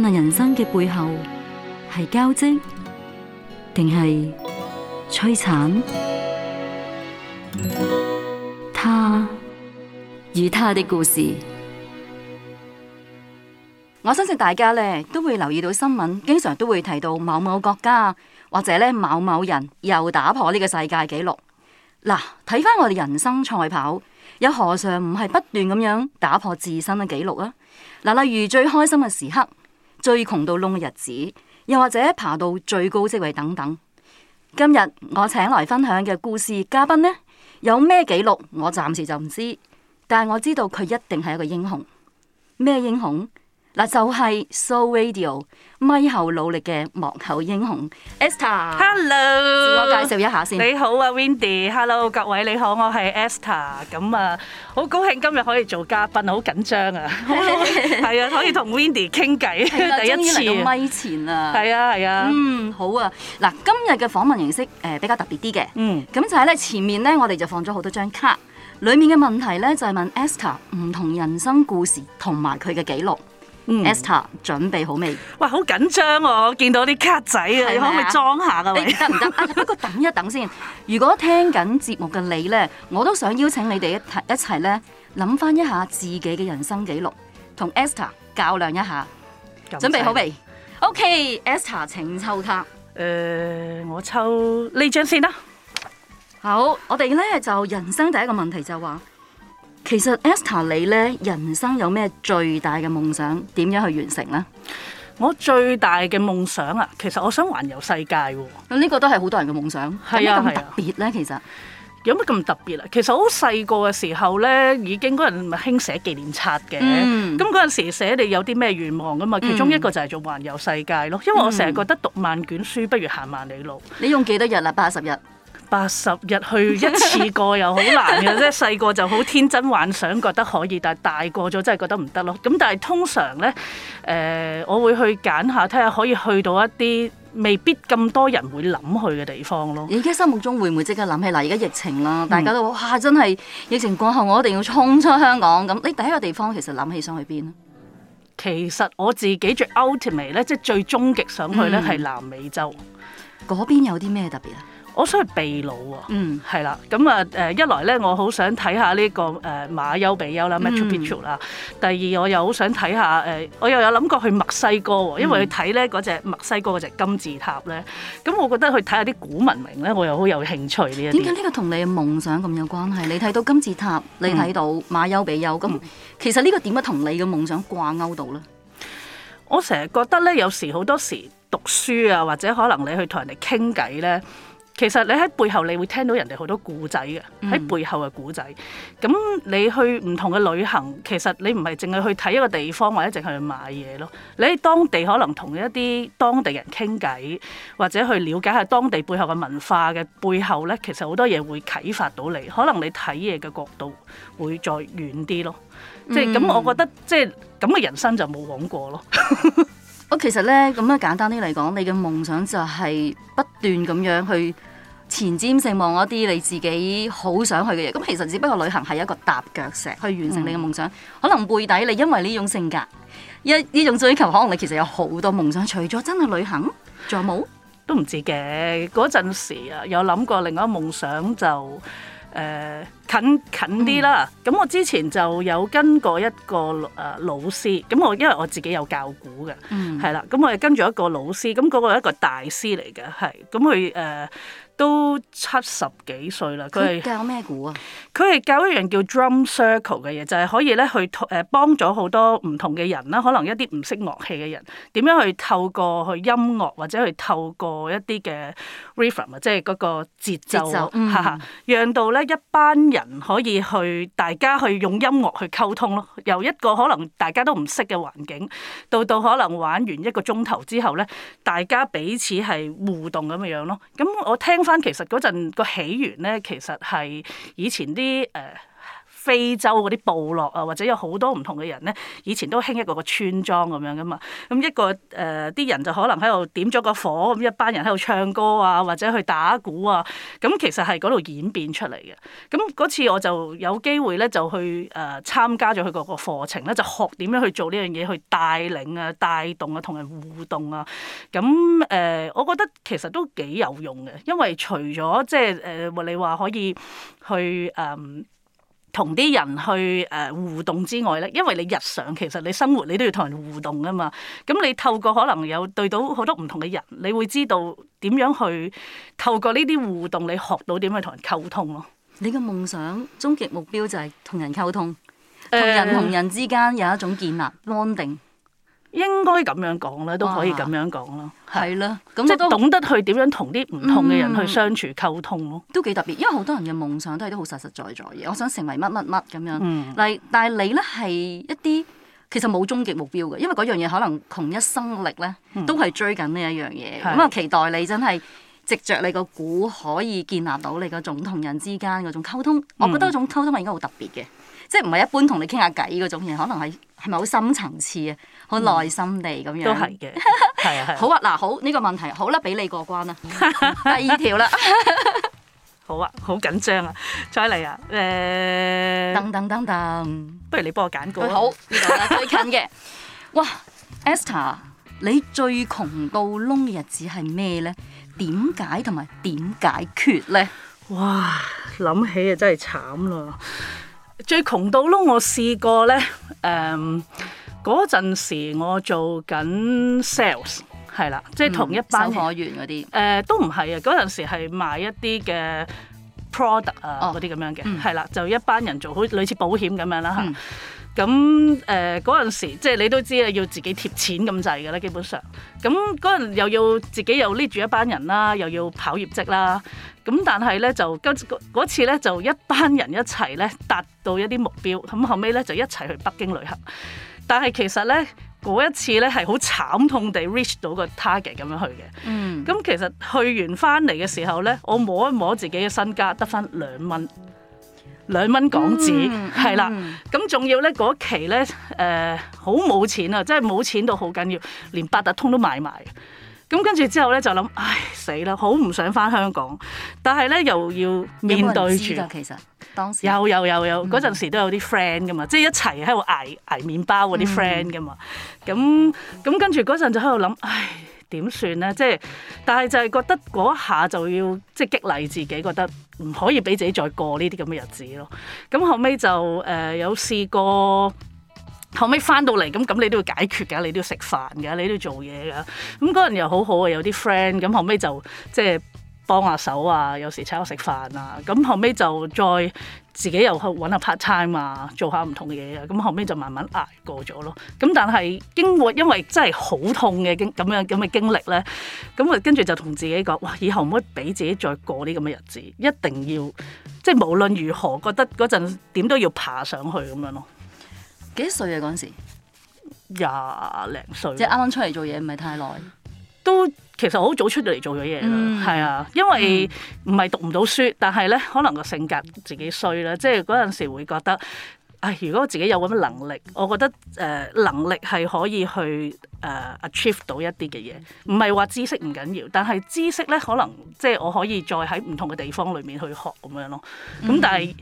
那人生嘅背後係交織，定係摧殘？他與他的故事，我相信大家咧都會留意到新聞，經常都會提到某某國家或者咧某某人又打破呢個世界紀錄。嗱，睇返我哋人生賽跑，又何嘗唔係不斷咁樣打破自身嘅紀錄啊？嗱，例如最開心嘅時刻。最窮到窿嘅日子，又或者爬到最高職位等等。今日我請來分享嘅故事嘉賓呢？有咩紀錄？我暫時就唔知，但係我知道佢一定係一個英雄。咩英雄？嗱，那就係 So Radio 咪後努力嘅幕後英雄 Esther。Hello，自我介紹一下先。你好啊，Windy。Hello，各位你好，我係 Esther。咁、嗯、啊，好高興今日可以做嘉賓，好緊張啊，係啊， 可以同 Windy 傾偈， 對第一次到咪前 啊。係啊，係啊，嗯，好啊。嗱，今日嘅訪問形式誒、呃、比較特別啲嘅，嗯，咁就係咧前面咧，我哋就放咗好多張卡，裡面嘅問題咧就係問 Esther 唔同人生故事同埋佢嘅記錄。Um, Esther，準備好未？哇，好緊張喎、啊！我見到啲卡仔啊，吧可唔可以裝下㗎？你得唔得？不過等一等先。如果聽緊節目嘅你呢，我都想邀請你哋一一齊呢，諗翻一下自己嘅人生紀錄，同 Esther 較量一下。這樣 準備好未吧？OK，Esther，、okay，請抽卡。誒、呃，我抽呢張先啦。好，我哋呢就人生第一個問題就話、是。其實 Esther 你咧人生有咩最大嘅夢想？點樣去完成咧？我最大嘅夢想啊，其實我想環遊世界喎、啊。呢個都係好多人嘅夢想，有乜咁特別咧？其實有乜咁特別啊？其實好細個嘅時候咧，已經嗰陣咪興寫紀念冊嘅。咁嗰陣時寫你有啲咩願望㗎嘛？其中一個就係做環遊世界咯。嗯、因為我成日覺得讀萬卷書不如行萬里路。你用幾多日啊？八十日。八十日去一次過又好難嘅啫，細個 就好天真幻想，覺得可以，但係大個咗真係覺得唔得咯。咁但係通常呢，誒、呃，我會去揀下睇下可以去到一啲未必咁多人會諗去嘅地方咯。而家心目中會唔會即刻諗起嗱？而家疫情啦，嗯、大家都哇，真係疫情過後，我一定要衝出香港咁。你第一個地方其實諗起想去邊啊？其實我自己最 ultimate 咧，即係最終極想去呢，係、嗯、南美洲。嗰邊有啲咩特別啊？我想去秘魯喎、哦嗯，嗯，係啦，咁啊，誒一來咧，我好想睇下呢、這個誒馬丘比丘啦，Machu Picchu 啦。第二，我又好想睇下誒，我又有諗過去墨西哥喎、哦，因為去睇咧嗰隻墨西哥嗰隻金字塔咧。咁我覺得去睇下啲古文明咧，我又好有興趣呢。點解呢個同你嘅夢想咁有關係？你睇到金字塔，你睇到馬丘比丘，咁、嗯、其實個呢個點樣同你嘅夢想掛鈎到咧？嗯、我成日覺得咧，有時好多時讀書啊，或者可能你去同人哋傾偈咧。呢其實你喺背後，你會聽到人哋好多故仔嘅，喺、嗯、背後嘅故仔。咁你去唔同嘅旅行，其實你唔係淨係去睇一個地方，或者淨係去買嘢咯。你喺當地可能同一啲當地人傾偈，或者去了解下當地背後嘅文化嘅背後咧，其實好多嘢會啟發到你。可能你睇嘢嘅角度會再遠啲咯。嗯、即係咁，我覺得即係咁嘅人生就冇枉過咯。我其實咧咁樣簡單啲嚟講，你嘅夢想就係不斷咁樣去。前瞻性望一啲你自己好想去嘅嘢，咁其實只不過旅行係一個踏腳石去完成你嘅夢想。嗯、可能背底你因為呢種性格，一呢種追求，可能你其實有好多夢想。除咗真係旅行，仲有冇都唔知嘅。嗰陣時啊，有諗過另外一個夢想就誒、呃、近近啲啦。咁、嗯、我之前就有跟過一個誒、呃、老師，咁我因為我自己有教股嘅，嗯，係啦，咁我係跟住一個老師，咁、那、嗰個一個大師嚟嘅，係咁佢誒。都七十幾歲啦，佢係教咩鼓啊？佢係教一樣叫 drum circle 嘅嘢，就係、是、可以咧去誒幫咗好多唔同嘅人啦。可能一啲唔識樂器嘅人點樣去透過去音樂或者去透過一啲嘅 rhythm 啊，即係嗰個節奏，奏吓、嗯，讓到咧一班人可以去大家去用音樂去溝通咯。由一個可能大家都唔識嘅環境，到到可能玩完一個鐘頭之後咧，大家彼此係互動咁樣樣咯。咁我聽。翻其實嗰陣個起源咧，其實係以前啲誒。Uh 非洲嗰啲部落啊，或者有好多唔同嘅人咧，以前都興一個個村莊咁樣噶嘛。咁一個誒啲、呃、人就可能喺度點咗個火咁，一班人喺度唱歌啊，或者去打鼓啊。咁其實，係嗰度演變出嚟嘅。咁嗰次我就有機會咧，就去誒參、呃、加咗佢嗰個課程咧，就學點樣去做呢樣嘢，去帶領啊、帶動啊、同人互動啊。咁誒、呃，我覺得其實都幾有用嘅，因為除咗即係誒，你話可以去誒。呃同啲人去誒互動之外咧，因為你日常其實你生活你都要同人互動啊嘛，咁你透過可能有對到好多唔同嘅人，你會知道點樣去透過呢啲互動，你學到點樣同人溝通咯。你嘅夢想終極目標就係同人溝通，同人同人之間有一種建立 bonding。呃應該咁樣講咧，都可以咁樣講咯，係啦、啊，嗯、即係懂得去點樣同啲唔同嘅人去相處溝通咯、嗯，都幾特別。因為好多人嘅夢想都係都好實實在在嘅。我想成為乜乜乜咁樣，嗯、但係你呢係一啲其實冇終極目標嘅，因為嗰樣嘢可能窮一生力呢，嗯、都係追緊呢一樣嘢。咁的、嗯、我期待你真係藉著你個鼓可以建立到你嗰種同人之間嗰種溝通。我覺得嗰種溝通係應該好特別嘅，嗯、即係唔係一般同你傾下偈嗰種嘢，可能係係咪好深層次啊？好耐心地咁樣、嗯，都係嘅，係啊係。好啊，嗱，好、呢、呢個問題，好啦，俾你過關啦， 第二條啦。 好啊，好緊張啊！再嚟啊！誒、呃，等等等，噔，不如你幫我揀個好，呢度啦，最近嘅。 哇，Esther，你最窮到窿嘅日子係咩咧？點解同埋點解決咧？哇，諗起啊，真係慘咯！最窮到窿，我試過咧，誒、嗯。嗰陣時我做緊 sales 係啦，即係同一班售貨員嗰啲，誒都唔係啊！嗰陣時係賣一啲嘅 product 啊嗰啲咁樣嘅係啦，就一班人做好類似保險咁樣啦，咁誒嗰陣時即係你都知啊，要自己貼錢咁滯㗎啦，基本上。咁嗰陣又要自己又 lead 住一班人啦，又要跑業績啦。咁但係咧就今次咧就一班人一齊咧達到一啲目標。咁後尾咧就一齊去北京旅行。但係其實咧，嗰一次咧係好慘痛地 reach 到個 target 咁樣去嘅。咁、嗯嗯嗯、其實去完翻嚟嘅時候咧，我摸一摸自己嘅身家，得翻兩蚊，兩蚊港紙係啦。咁仲、嗯嗯嗯嗯、要咧嗰期咧，誒好冇錢啊！真係冇錢到好緊要，連八達通都買埋。咁跟住之後咧就諗，唉死啦，好唔想返香港，但係咧又要面對住，其實當時有有有有嗰陣時都有啲 friend 噶嘛，即係一齊喺度捱捱麪包嗰啲 friend 噶嘛，咁咁、嗯、跟住嗰陣就喺度諗，唉點算咧？即係，但係就係覺得嗰一下就要即係激勵自己，覺得唔可以俾自己再過呢啲咁嘅日子咯。咁後尾就誒、呃、有試過。後尾翻到嚟咁咁，你都要解決㗎，你都要食飯㗎，你都要做嘢㗎。咁嗰陣又好好啊，有啲 friend 咁後尾就即係幫下手啊，有時請我食飯啊。咁後尾就再自己又去揾下 part time 啊，做下唔同嘅嘢啊。咁後尾就慢慢捱過咗咯。咁但係經過因為真係好痛嘅經咁樣咁嘅經歷咧，咁啊跟住就同自己講：哇！以後唔可以俾自己再過啲咁嘅日子，一定要即係無論如何覺得嗰陣點都要爬上去咁樣咯。幾歲啊？嗰陣時廿零歲，歲啊、即係啱啱出嚟做嘢，唔係太耐，都其實好早出嚟做咗嘢啦。係、嗯、啊，因為唔係讀唔到書，嗯、但係咧可能個性格自己衰啦，即係嗰陣時會覺得。唉，如果我自己有咁嘅能力，我覺得誒能力係可以去誒 achieve 到一啲嘅嘢，唔係話知識唔緊要，但係知識咧可能即係我可以再喺唔同嘅地方裏面去學咁樣咯。咁。嗯哼。但係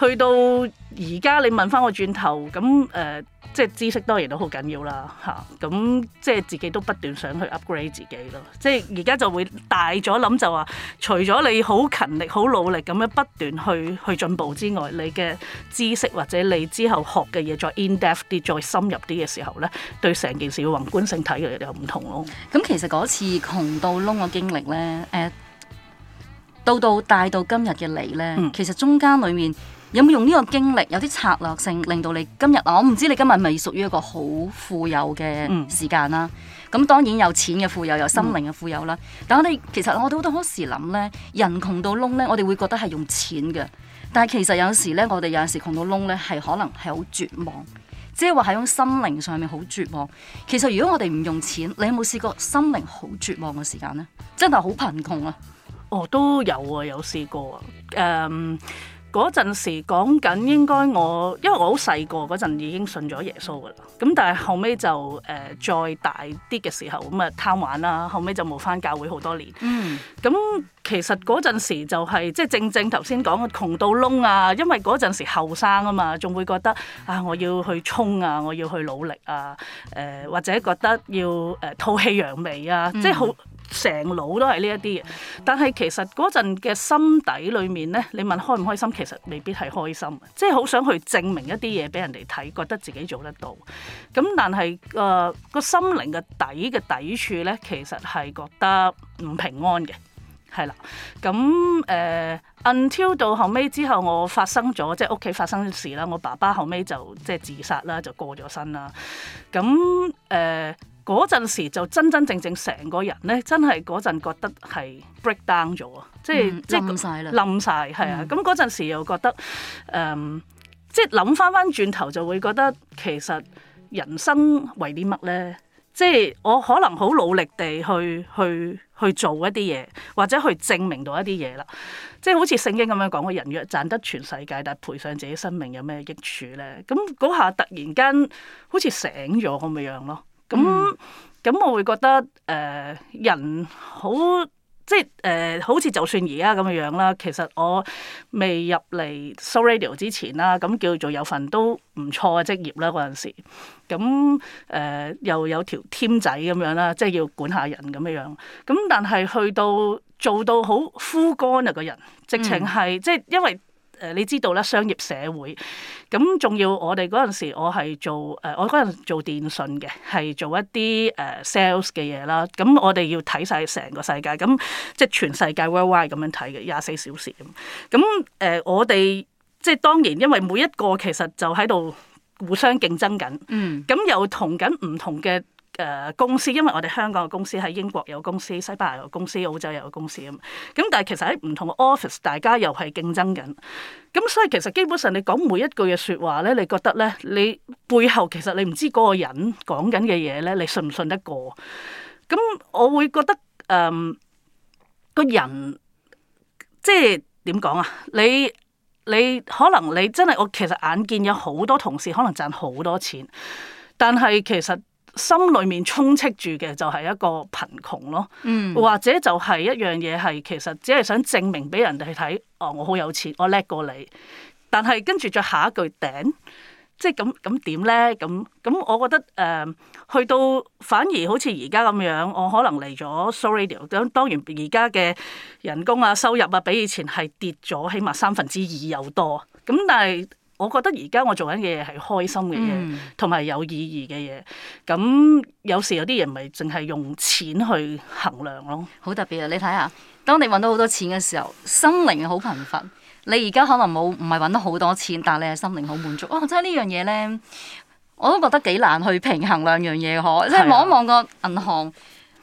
去到而家你問翻我轉頭咁誒。嗯呃即係知識當然都好緊要啦嚇，咁、嗯、即係自己都不斷想去 upgrade 自己咯。即係而家就會大咗諗就話，除咗你好勤力、好努力咁樣不斷去去進步之外，你嘅知識或者你之後學嘅嘢再 in depth 啲、再深入啲嘅時候呢，對成件事嘅宏觀性睇嘅又唔同咯。咁其實嗰次窮到窿嘅經歷呢，誒到到帶到今日嘅你呢，其實中間裡面。有冇用呢個經歷有啲策略性，令到你今日啊，我唔知你今日咪屬於一個好富有嘅時間啦。咁、嗯、當然有錢嘅富有，有心靈嘅富有啦。嗯、但係我哋其實我哋好多時諗呢，人窮到窿呢，我哋會覺得係用錢嘅。但係其實有時呢，我哋有陣時窮到窿呢，係可能係好絕望，即係話喺種心靈上面好絕望。其實如果我哋唔用錢，你有冇試過心靈好絕望嘅時間呢？真係好貧窮啊！哦，都有啊，有試過啊，誒、um。嗰陣時講緊應該我，因為我好細個嗰陣已經信咗耶穌㗎喇，咁但係後尾就誒、呃、再大啲嘅時候咁啊貪玩啦，後尾就冇返教會好多年。嗯，咁其實嗰陣時就係即係正正頭先講嘅窮到窿啊，因為嗰陣時後生啊嘛，仲會覺得啊我要去衝啊，我要去努力啊，誒、呃、或者覺得要誒、呃、吐氣揚眉啊，即係好。嗯成腦都係呢一啲，但係其實嗰陣嘅心底裏面呢，你問開唔開心，其實未必係開心，即係好想去證明一啲嘢俾人哋睇，覺得自己做得到。咁但係誒，個心靈嘅底嘅底處呢，其實係覺得唔平安嘅，係啦。咁誒、呃、until 到後尾之後，我發生咗即係屋企發生事啦，我爸爸後尾就即係、就是、自殺啦，就過咗身啦。咁誒。呃嗰陣時就真真正正成個人咧，真係嗰陣覺得係 breakdown 咗、嗯、啊！即係冧曬啦，冧曬係啊！咁嗰陣時又覺得，誒、嗯，即係諗翻翻轉頭就會覺得其實人生為啲乜咧？即係我可能好努力地去去去、去做一啲嘢，或者去證明到一啲嘢啦。即係好似聖經咁樣講，話人若賺得全世界，但係賠上自己生命有咩益處咧？咁嗰下突然間好似醒咗咁嘅樣咯～咁咁，嗯、我會覺得誒、呃、人好即係誒、呃，好似就算而家咁樣樣啦。其實我未入嚟 Show Radio 之前啦，咁叫做有份都唔錯嘅職業啦嗰陣時。咁、呃、誒又有條 team 仔咁樣啦，即係要管下人咁樣樣。咁但係去到做到好枯乾啊個人，直情係、嗯、即係因為。誒，你知道啦，商業社會咁，仲要我哋嗰陣時我、呃，我係做誒，我嗰陣做電信嘅，係做一啲誒、呃、sales 嘅嘢啦。咁我哋要睇晒成個世界，咁即係全世界 worldwide 咁樣睇嘅，廿四小時咁。咁誒、呃，我哋即係當然，因為每一個其實就喺度互相競爭緊。咁、嗯、又同緊唔同嘅。誒、呃、公司，因為我哋香港嘅公司喺英國有公司，西班牙有公司，澳洲有公司咁。咁但係其實喺唔同嘅 office，大家又係競爭緊。咁、嗯、所以其實基本上你講每一句嘅說話咧，你覺得咧，你背後其實你唔知嗰個人講緊嘅嘢咧，你信唔信得過？咁、嗯、我會覺得誒、呃，個人即係點講啊？你，你可能你真係我其實眼見有好多同事可能賺好多錢，但係其實。心裏面充斥住嘅就係一個貧窮咯，嗯、或者就係一樣嘢係其實只係想證明俾人哋睇，哦，我好有錢，我叻過你。但係跟住再下一句頂，即係咁咁點咧？咁咁我覺得誒、呃，去到反而好似而家咁樣，我可能嚟咗 Soul Radio 咁。當然而家嘅人工啊、收入啊，比以前係跌咗起碼三分之二有多。咁但係。我覺得而家我在做緊嘅嘢係開心嘅嘢，同埋、嗯、有意義嘅嘢。咁有時有啲人咪係淨係用錢去衡量咯。好特別啊！你睇下，當你揾到好多錢嘅時候，心靈好貧乏。你而家可能冇唔係揾到好多錢，但係你係心靈好滿足。哦，即係呢樣嘢咧，我都覺得幾難去平衡兩樣嘢可。即係望一望個銀行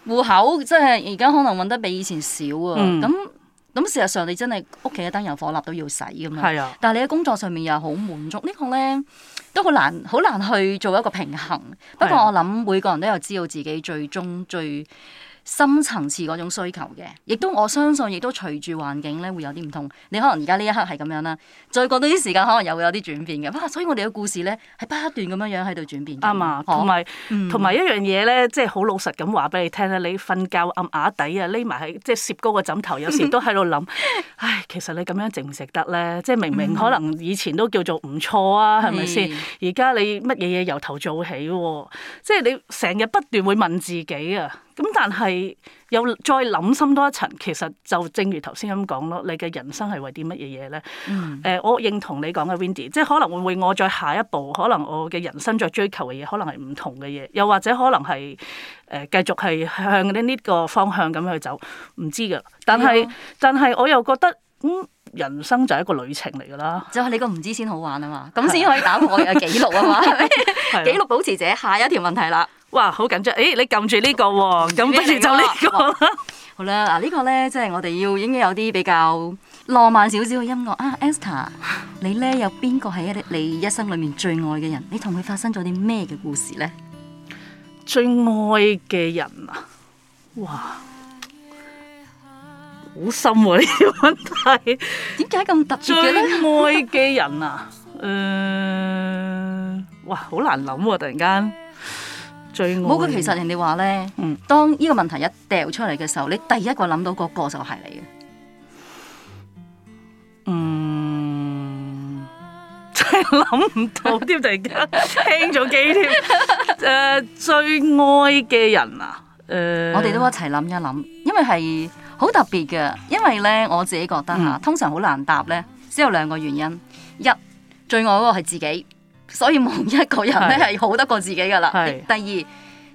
戶口，即係而家可能揾得比以前少啊。咁、嗯。嗯咁事實上你真係屋企一燈油火蠟都要使㗎嘛，係啊、但係你喺工作上面又好滿足，呢個、呢個咧都好難，好難去做一個平衡。不過我諗每個人都有知道自己最終最深層次嗰種需求嘅，亦都我相信，亦都隨住環境咧會有啲唔同。你可能而家呢一刻係咁樣啦，再過多啲時間可能又會有啲轉變嘅。哇，所以我哋嘅故事咧係不斷咁樣樣喺度轉變。啱啊，同埋同埋一樣嘢咧，即係好老實咁話俾你聽咧。你瞓覺暗啞底啊，匿埋喺即係攝高個枕頭，有時都喺度諗，嗯、哼唉，其實你咁樣值唔值得咧？即係明明可能以前都叫做唔錯啊，係咪先？而家你乜嘢嘢由頭做起喎、啊？即係你成日不斷會問自己啊～咁但係又再諗深多一層，其實就正如頭先咁講咯，你嘅人生係為啲乜嘢嘢咧？誒、嗯呃，我認同你講嘅 Windy 即係可能會會我再下一步，可能我嘅人生再追求嘅嘢，可能係唔同嘅嘢，又或者可能係誒繼續係向呢個方向咁去走，唔知㗎。但係、哎、呀但係我又覺得咁、嗯、人生就係一個旅程嚟㗎啦。就係你個唔知先好玩啊嘛，咁先可以打破我嘅記錄啊嘛，係咪？記錄保持者下一條問題啦。哇，好緊張！誒，你撳住呢個喎，咁不如就呢個啦。好啦，嗱呢個咧，即係我哋要應該有啲比較浪漫少少嘅音樂啊，Esther，你咧有邊個係一啲你一生裡面最愛嘅人？你同佢發生咗啲咩嘅故事咧？最愛嘅人啊，哇，好深喎呢個問題。點解咁特別嘅咧？最愛嘅人啊，誒，哇，好難諗喎，突然間。冇佢，其實人哋話咧，嗯、當呢個問題一掉出嚟嘅時候，你第一個諗到嗰個就係你嘅。嗯，真諗唔到添，突然間輕咗幾添。誒、 呃，最愛嘅人啊，誒、呃，我哋都一齊諗一諗，因為係好特別嘅，因為咧我自己覺得嚇，嗯、通常好難答咧，只有兩個原因：一，最愛嗰個係自己。所以冇一個人咧係好得過自己㗎喇。是第二，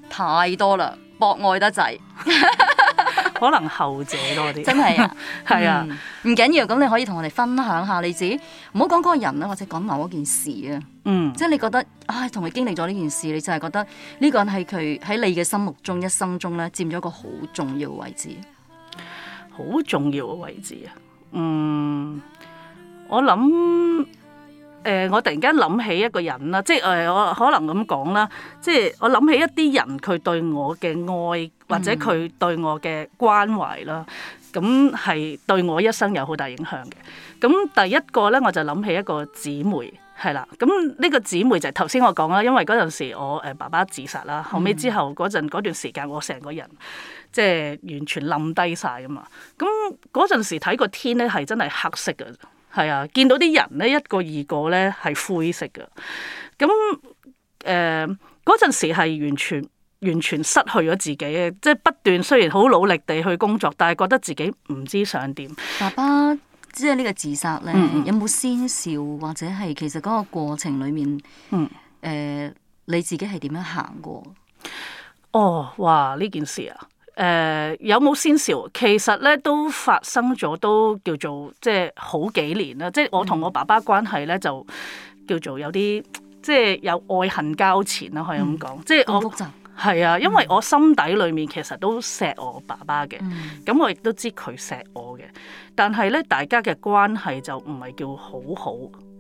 太多啦，博愛得滯， 可能後者多啲。 真係嗎 啊，係啊、嗯，唔緊要。咁你可以同我哋分享下你自己，唔好講嗰個人啊，或者講某一件事啊。嗯、即係你覺得，唉，同佢經歷咗呢件事，你就係覺得呢個人喺佢喺你嘅心目中一生中咧佔咗一個好重要位置。好重要嘅位置啊。嗯，我諗。誒、呃，我突然間諗起一個人啦，即係誒、呃，我可能咁講啦，即係我諗起一啲人佢對我嘅愛或者佢對我嘅關懷啦，咁係、嗯、對我一生有好大影響嘅。咁第一個咧，我就諗起一個姊妹，係啦，咁呢、這個姊妹就係頭先我講啦，因為嗰陣時我誒、呃、爸爸自殺啦，後尾之後嗰陣嗰段時間，我成個人即係完全冧低晒㗎嘛，咁嗰陣時睇個天咧係真係黑色㗎。係啊，見到啲人咧一個二個咧係灰色嘅，咁誒嗰陣時係完全完全失去咗自己嘅，即係不斷雖然好努力地去工作，但係覺得自己唔知想點。爸爸即係呢個自殺咧，嗯、有冇先兆或者係其實嗰個過程裡面，嗯、呃、你自己係點樣行過？哦，哇！呢件事啊～誒、呃、有冇先兆？其實咧都發生咗，都叫做即係好幾年啦。嗯、即係我同我爸爸關係咧，就叫做有啲即係有愛恨交纏啦，可以咁講。即係我係啊，因為我心底裏面其實都錫我爸爸嘅，咁、嗯、我亦都知佢錫我嘅。但係咧，大家嘅關係就唔係叫好好。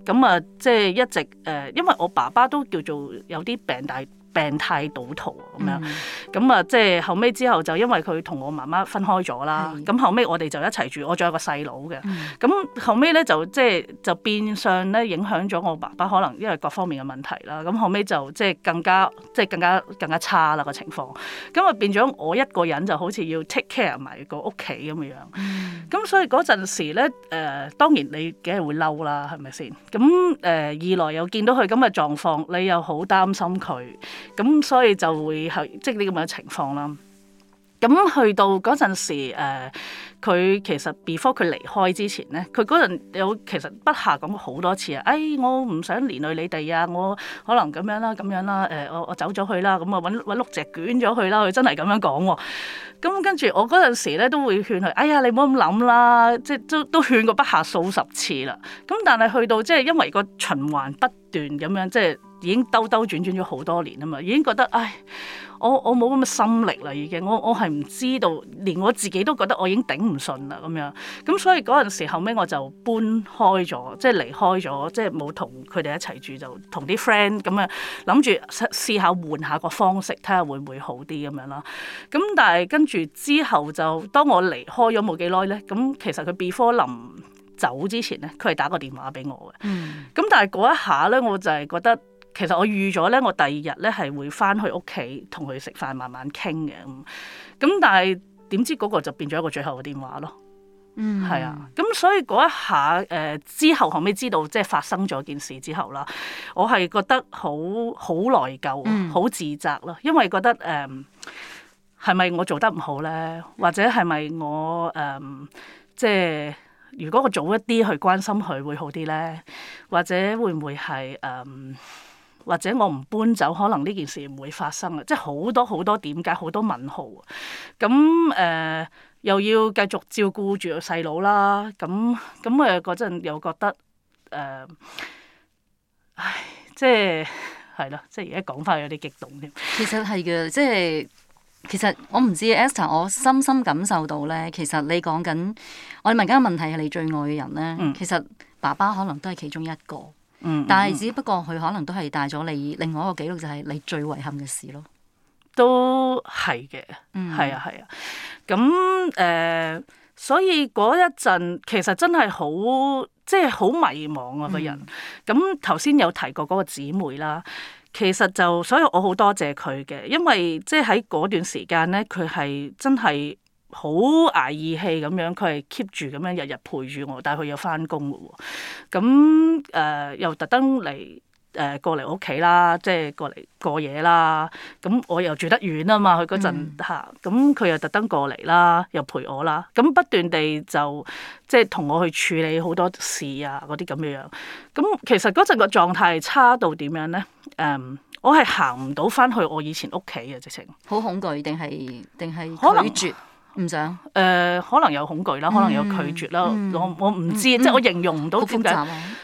咁啊，即係一直誒、呃，因為我爸爸都叫做有啲病，但係。病態賭徒啊咁、嗯、樣，咁啊即係後尾之後就因為佢同我媽媽分開咗啦，咁、嗯、後尾我哋就一齊住，我仲有個細佬嘅，咁、嗯、後尾咧就即係就變相咧影響咗我爸爸，可能因為各方面嘅問題啦，咁後尾就即係更加即係更加更加差啦個情況，咁啊變咗我一個人就好似要 take care 埋個屋企咁樣，咁、嗯、所以嗰陣時咧誒、呃、當然你梗係會嬲啦，係咪先？咁誒、呃、二來又見到佢咁嘅狀況，你又好擔心佢。咁、嗯、所以就會係即係呢咁樣嘅情況啦。咁、嗯、去到嗰陣時，佢、呃、其實 before 佢離開之前咧，佢嗰陣有其實不下講過好多次啊。誒、哎，我唔想連累你哋啊，我可能咁樣啦、啊，咁樣啦、啊，誒、呃，我我走咗去啦，咁啊揾揾六隻捲咗佢啦，佢真係咁樣講喎、啊。咁、嗯、跟住我嗰陣時咧都會勸佢，哎呀，你唔好咁諗啦，即係都都勸過不下數十次啦。咁、嗯、但係去到即係因為個循環不斷咁樣，即係。已經兜兜轉轉咗好多年啊嘛，已經覺得唉，我我冇咁嘅心力啦，已經，我我係唔知道，連我自己都覺得我已經頂唔順啦咁樣，咁所以嗰陣時後尾我就搬開咗，即係離開咗，即係冇同佢哋一齊住，就同啲 friend 咁啊，諗住試下換下個方式，睇下會唔會好啲咁樣啦。咁但係跟住之後就當我離開咗冇幾耐咧，咁其實佢 before 臨走之前咧，佢係打個電話俾我嘅。嗯。咁但係嗰一下咧，我就係覺得。其實我預咗咧，我第二日咧係會返去屋企同佢食飯，慢慢傾嘅咁。咁但係點知嗰個就變咗一個最後嘅電話咯。嗯，係啊。咁所以嗰一下誒、呃，之後後尾知道即係發生咗件事之後啦，我係覺得好好內疚、好自責咯，嗯、因為覺得誒係咪我做得唔好咧？或者係咪我誒、呃、即係如果我早一啲去關心佢會好啲咧？或者會唔會係誒？呃或者我唔搬走，可能呢件事唔會發生啊！即係好多好多點解，好多問號啊！咁誒、呃、又要繼續照顧住個細佬啦。咁咁誒嗰陣又覺得誒、呃，唉，即係係咯，即係而家講翻有啲激動添。其實係嘅，即係其實我唔知 Esther，我深深感受到咧。其實你講緊，我哋問緊嘅問題係你最愛嘅人咧，嗯、其實爸爸可能都係其中一個。但係只不過佢可能都係帶咗你另外一個紀錄，就係你最遺憾嘅事咯。都係嘅，係啊係啊。咁誒、呃，所以嗰一陣其實真係好，即係好迷茫啊個人。咁頭先有提過嗰個姊妹啦，其實就所以我好多謝佢嘅，因為即係喺嗰段時間咧，佢係真係，好捱義氣咁樣，樣，佢係 keep 住咁樣日日陪住我，但係佢有返工嘅喎。咁、呃、誒又特登嚟誒過嚟我屋企啦，即係過嚟過夜啦。咁我、嗯嗯、又住得遠啊嘛，佢嗰陣嚇，咁佢又特登過嚟啦，又陪我啦。咁、嗯、不斷地就即係同我去處理好多事啊，嗰啲咁嘅樣。咁、嗯、其實嗰陣個狀態差到點樣咧？誒、嗯，我係行唔到返去我以前屋企嘅直情。好恐懼定係定係拒絕。唔想，誒可能有恐懼啦，可能有拒絕啦，我我唔知，即係我形容唔到點解，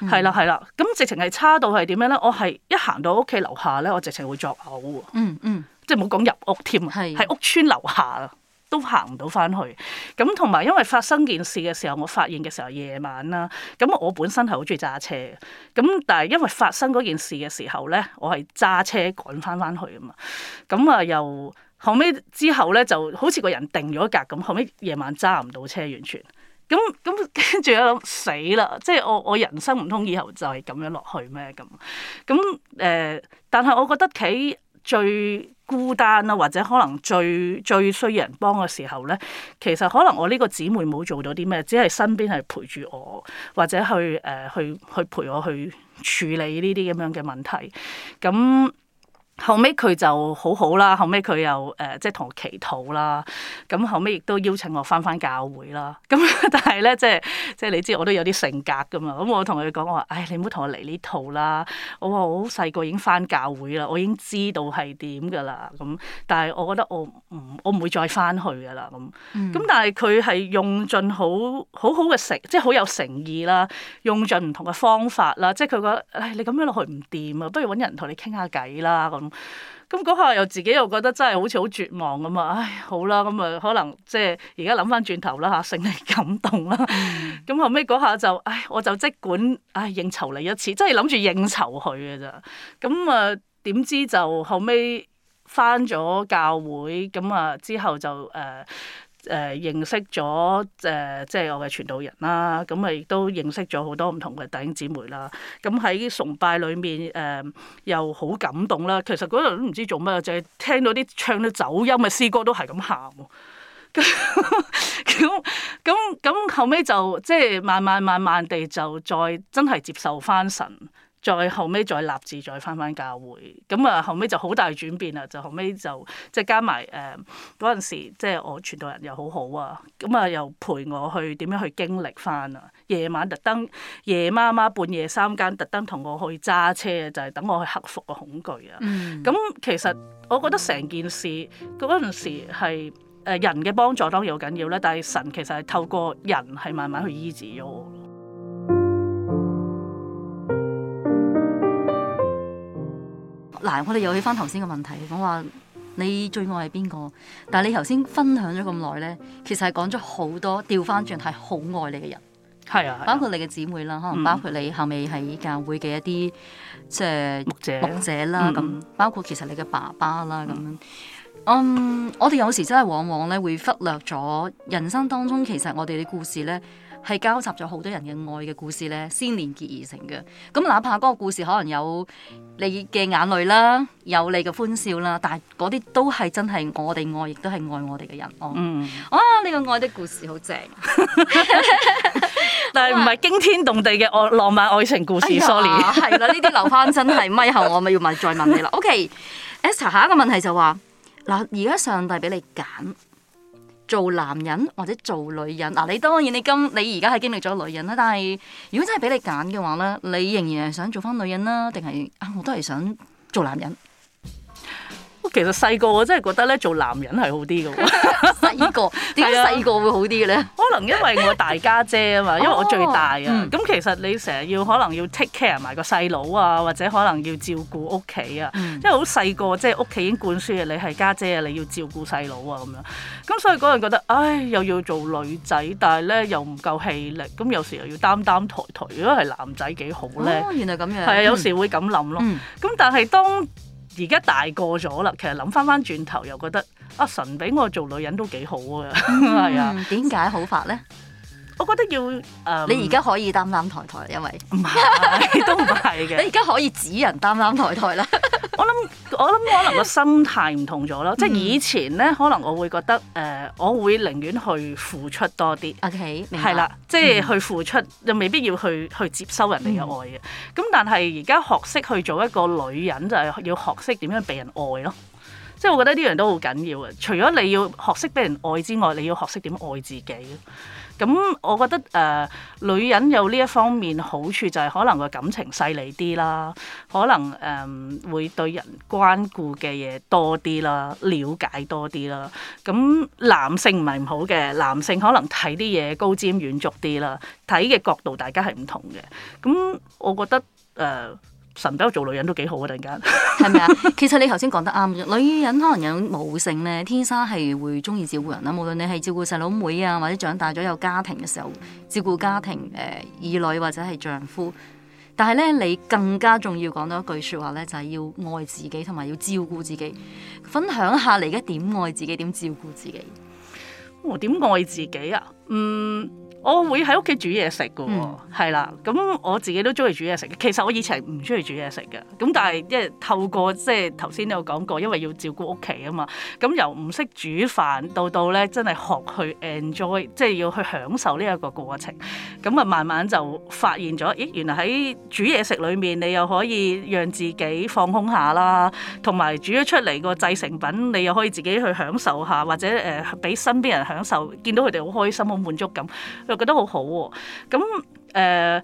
係啦係啦，咁直情係差到係點樣咧？我係一行到屋企樓下咧，我直情會作嘔喎，嗯嗯，即係冇講入屋添，喺屋邨樓下都行唔到翻去。咁同埋因為發生件事嘅時候，我發現嘅時候夜晚啦，咁我本身係好中意揸車嘅，咁但係因為發生嗰件事嘅時候咧，我係揸車趕翻翻去啊嘛，咁啊又。後尾之後咧，就好似個人定咗格咁。後尾夜晚揸唔到車，完全咁咁，跟住一諗死啦！即係我我人生唔通以後就係咁樣落去咩咁？咁誒、呃，但係我覺得企最孤單啊，或者可能最最需要人幫嘅時候咧，其實可能我呢個姊妹冇做到啲咩，只係身邊係陪住我，或者去誒、呃、去去陪我去處理呢啲咁樣嘅問題咁。後尾佢就好好啦，後尾佢又誒、呃、即係同我祈禱啦，咁後尾亦都邀請我返返教會啦，咁但係咧即係即係你知我都有啲性格㗎嘛，咁我同佢講我話，唉，你唔好同我嚟呢套啦，我話我好細個已經返教會啦，我已經知道係點㗎啦，咁但係我覺得我唔我唔會再返去㗎啦咁，咁但係佢係用盡好好好嘅誠，即係好有誠意啦，用盡唔同嘅方法啦，即係佢覺得唉，你咁樣落去唔掂啊，不如揾人同你傾下偈啦咁。咁嗰下又自己又覺得真係好似好絕望吖嘛！唉，好啦，咁啊，可能即係而家諗翻轉頭啦嚇，勝利感動啦。咁後尾嗰下就，唉，我就即管，唉，應酬嚟一次，真係諗住應酬佢嘅咋。咁啊，點、呃、知就後尾翻咗教會，咁啊之後就誒。呃誒認識咗誒，即係我嘅傳道人啦。咁咪亦都認識咗好多唔同嘅弟兄姊妹啦。咁喺崇拜裏面誒，又好感動啦。其實嗰度都唔知做咩，就係聽到啲唱得走音嘅詩歌都係咁喊，咁咁咁，咁後尾就即係慢慢慢慢地就再真係接受翻神。再後屘再立志再翻返教會，咁啊後屘就好大轉變啦！後就後屘就即係加埋誒嗰陣時，即係我傳道人又好好啊，咁啊又陪我去點樣去經歷翻啊，夜晚特登夜媽媽半夜三更特登同我去揸車啊，就係、是、等我去克服個恐懼啊。咁、嗯、其實我覺得成件事嗰陣時係誒、呃、人嘅幫助當然好緊要啦，但係神其實係透過人係慢慢去醫治咗我。嗱，我哋又起翻頭先嘅問題，講話你最愛係邊個？但係你頭先分享咗咁耐咧，其實係講咗好多，調翻轉係好愛你嘅人係啊，包括你嘅姊妹啦，可能包括你後尾喺教會嘅一啲即係牧者啦，咁牧者、嗯、包括其實你嘅爸爸啦，咁、嗯、樣嗯，我哋有時真係往往咧會忽略咗人生當中其實我哋嘅故事咧。係交集咗好多人嘅愛嘅故事咧，先連結而成嘅。咁哪怕嗰個故事可能有你嘅眼淚啦，有你嘅歡笑啦，但係嗰啲都係真係我哋愛，亦都係愛我哋嘅人。哦、oh. 嗯，啊，呢個愛的故事好正。 但係唔係驚天動地嘅愛浪漫愛情故事、 哎、呦，sorry。係 啦、啊，呢啲留翻真係 咪後我咪要咪再問你啦。OK，Esther 下一個問題就話嗱，而家上帝俾你揀。做男人或者做女人，嗱、啊、你當然你今你而家係經歷咗女人啦，但係如果真係俾你揀嘅話咧，你仍然係想做翻女人啦，定係啊我都係想做男人。其實細個我真係覺得咧，做男人係好啲㗎喎。細個點解細個會好啲嘅咧？可能因為我大家姐啊嘛，因為我最大啊。咁其實你成日要可能要 take care 埋個細佬啊，或者可能要照顧屋企啊。因為好細個，即係屋企已經灌輸嘅，你係家姐啊，你要照顧細佬啊咁樣。咁所以嗰陣覺得，唉，又要做女仔，但係咧又唔夠氣力。咁有時又要擔擔抬抬，如果係男仔幾好咧。哦，原來咁樣。係啊，有時會咁諗咯。咁但係當而家大個咗啦，其實諗翻翻轉頭又覺得，啊神俾我做女人都幾好啊，係啊，點解好法咧？我覺得要誒，呃、你而家可以擔擔抬抬，因為唔係，都唔係嘅。 你而家可以指人擔擔抬抬啦。我諗，我諗，可能個心態唔同咗咯。嗯、即係以前咧，可能我會覺得誒、呃，我會寧願去付出多啲。O K，明白。係啦，即係去付出，嗯、就未必要去去接收人哋嘅愛嘅。咁、嗯、但係而家學識去做一個女人，就係、是、要學識點樣畀人愛咯。即係我覺得呢樣都好緊要嘅。除咗你要學識畀人愛之外，你要學識點愛自己。咁我覺得誒、呃，女人有呢一方面好處就係可能個感情細膩啲啦，可能誒、呃、會對人關顧嘅嘢多啲啦，了解多啲啦。咁男性唔係唔好嘅，男性可能睇啲嘢高瞻遠矚啲啦，睇嘅角度大家係唔同嘅。咁我覺得誒。呃神喺做女人都幾好啊！突然間係咪啊？其實你頭先講得啱，女人可能有母性咧，天生係會中意照顧人啦。無論你係照顧細佬妹啊，或者長大咗有家庭嘅時候照顧家庭誒，兒、呃、女或者係丈夫。但係咧，你更加重要講到一句說話咧，就係、是、要愛自己同埋要照顧自己。分享下你而家點愛自己，點照顧自己？我點、哦、愛自己啊？嗯。我會喺屋企煮嘢食㗎喎，係啦、嗯，咁我自己都中意煮嘢食。其實我以前唔中意煮嘢食嘅，咁但係即係透過即係頭先有講過，因為要照顧屋企啊嘛，咁由唔識煮飯到到咧真係學去 enjoy，即係要去享受呢一個過程。咁啊慢慢就發現咗，咦，原來喺煮嘢食裏面，你又可以讓自己放空下啦，同埋煮咗出嚟個製成品，你又可以自己去享受下，或者誒俾、呃、身邊人享受，見到佢哋好開心、好滿足感。就覺得好好、哦、喎，咁誒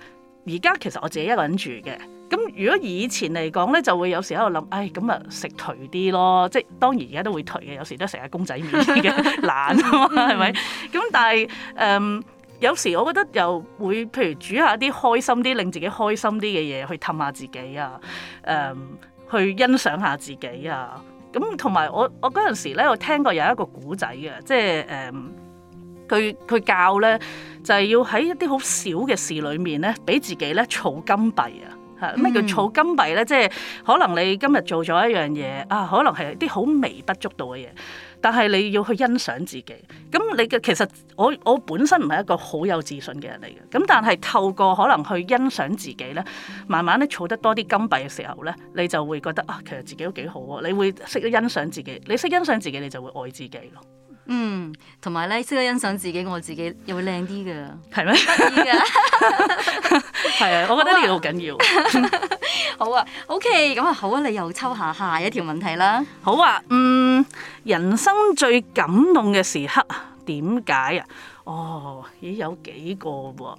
而家其實我自己一個人住嘅，咁如果以前嚟講咧，就會有時喺度諗，唉、哎，咁啊食頹啲咯，即係當然而家都會頹嘅，有時都食下公仔麵嘅， 懶啊嘛，係咪？咁但係誒、呃、有時我覺得又會譬如煮下啲開心啲，令自己開心啲嘅嘢去氹下自己啊，誒、呃、去欣賞下自己啊，咁同埋我我嗰陣時咧，我聽過有一個古仔嘅，即係誒佢佢教咧。就係要喺一啲好小嘅事裏面咧，俾自己咧儲金幣啊！嚇咩叫儲金幣咧？即係可能你今日做咗一樣嘢啊，可能係啲好微不足道嘅嘢，但係你要去欣賞自己。咁你嘅其實我我本身唔係一個好有自信嘅人嚟嘅。咁但係透過可能去欣賞自己咧，慢慢咧儲得多啲金幣嘅時候咧，你就會覺得啊，其實自己都幾好喎、啊。你會識得欣賞自己，你識欣賞自己，你就會愛自己咯。嗯，同埋咧，識得欣賞自己，我自己又會靚啲㗎，係咩嗎？係啊，我覺得呢個好緊要。 好啊，OK，咁啊，好啊，你又抽下下一條問題啦。好啊，嗯，人生最感動嘅時刻啊，點解啊？哦，咦，有幾個喎、啊？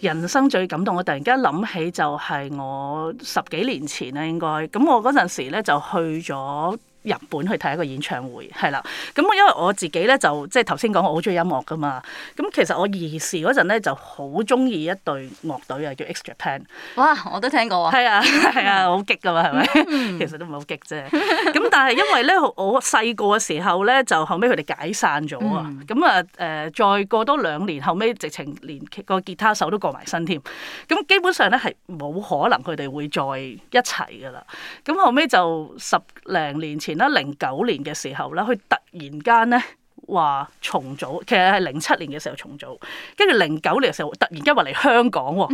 人生最感動，我突然間諗起就係我十幾年前咧，應該咁我嗰陣時咧就去咗。日本去睇一個演唱會，係啦。咁我因為我自己咧就即係頭先講我好中意音樂噶嘛。咁其實我兒時嗰陣咧就好中意一隊樂隊啊，叫 X Japan。哇！我都聽過啊。係啊係啊，好激噶嘛，係咪？嗯、其實都唔係好激啫。咁、嗯、但係因為咧，我細個嘅時候咧，就後尾佢哋解散咗啊。咁啊誒，再過多兩年，後尾直情連個吉他手都過埋身添。咁基本上咧係冇可能佢哋會再一齊㗎啦。咁後尾就十零年前。咧零九年嘅時候咧，佢突然間咧話重組，其實係零七年嘅時候重組，跟住零九年嘅時候突然間話嚟香港哇！